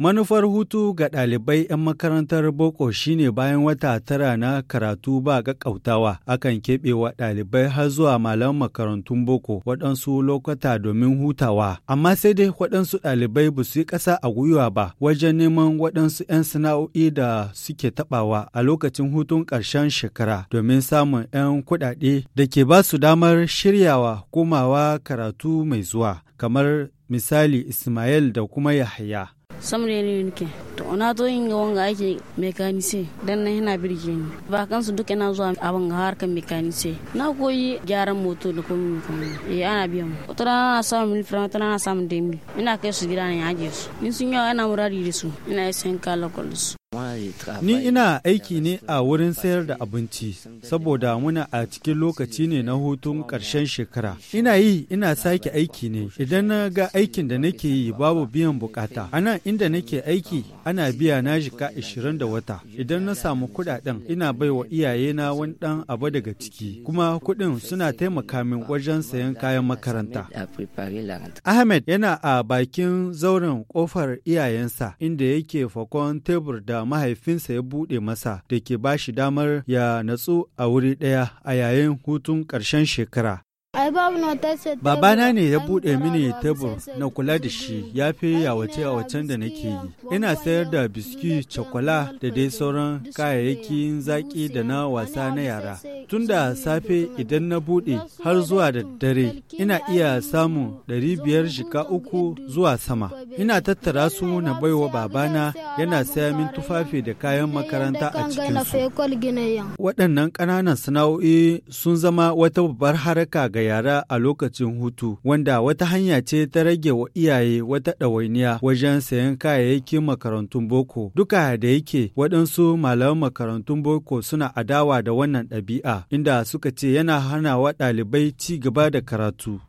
Manufar hutu ga ɗalibai 'yan makarantar boko shine bayan wata tara na karatu ba ƙaƙƙautawa akan keɓe wa ɗalibai har zuwa malam makarantun boko waɗansu lokata domin hutawa. Amma sai dai waɗansu ɗalibai ba su yi ƙasa a gwiwa ba wajen neman waɗansu 'yan sana'o'i da suke taɓawa a lokacin hutun ƙarshen shekara domin samun 'yan kuɗaɗe da ke ba su damar shiryawa komawa karatu mai zuwa kamar misali Ismail da kuma Yahaya. samre ne nake to na zo yin wanga aiki mekanise dan nan yana birge ni ba kansu duk yana zuwa abin harkar mekanise na koyi gyaran moto da komai komai eh ana biya mu wata rana na samu mil franc wata rana na samu demi ina kai su gida ne aje su in sun yawa ina murari da su ina yi sayan kala su Ni ina aiki ne a wurin sayar da abinci, saboda muna a cikin lokaci ne na hutun ƙarshen shekara. Ina yi ina sake aiki ne, idan na ga aikin da nake yi babu biyan bukata. A nan inda nake aiki ana biya na shika ishirin da wata. Idan na samu kuɗaɗen ina bai wa iyayena wani ɗan abu daga ciki, kuma kuɗin suna taimaka min wajen sayan kayan makaranta. Ahmed yana a bakin zauren ƙofar iyayensa inda yake fakon tebur da mahaifinsa ya buɗe masa da ke ba shi damar ya natsu a wuri ɗaya a yayin hutun ƙarshen shekara. Babana ne ya buɗe mini tebur na kula da shi ya fi yawace a wacan da nake yi. Ina sayar da biski, cakwala da dai sauran kayayyakin zaƙi da na wasa na yara. Tun da safe idan na buɗe har zuwa da dare ina iya samun 500 shika uku zuwa sama. Ina tattara su na baiwa babana yana saya min tufafi da kayan makaranta a cikinsu. Waɗannan ƙananan sana'o'i sun zama wata babbar haraka ga yara a lokacin hutu, wanda wata hanya ce ta rage wa iyaye wata ɗawainiya wajen sayan kayayyakin makarantun boko. Duka da yake waɗansu malaman makarantun boko suna adawa da wannan ɗabi'a, inda suka ce yana hana wa ɗalibai ci gaba da karatu.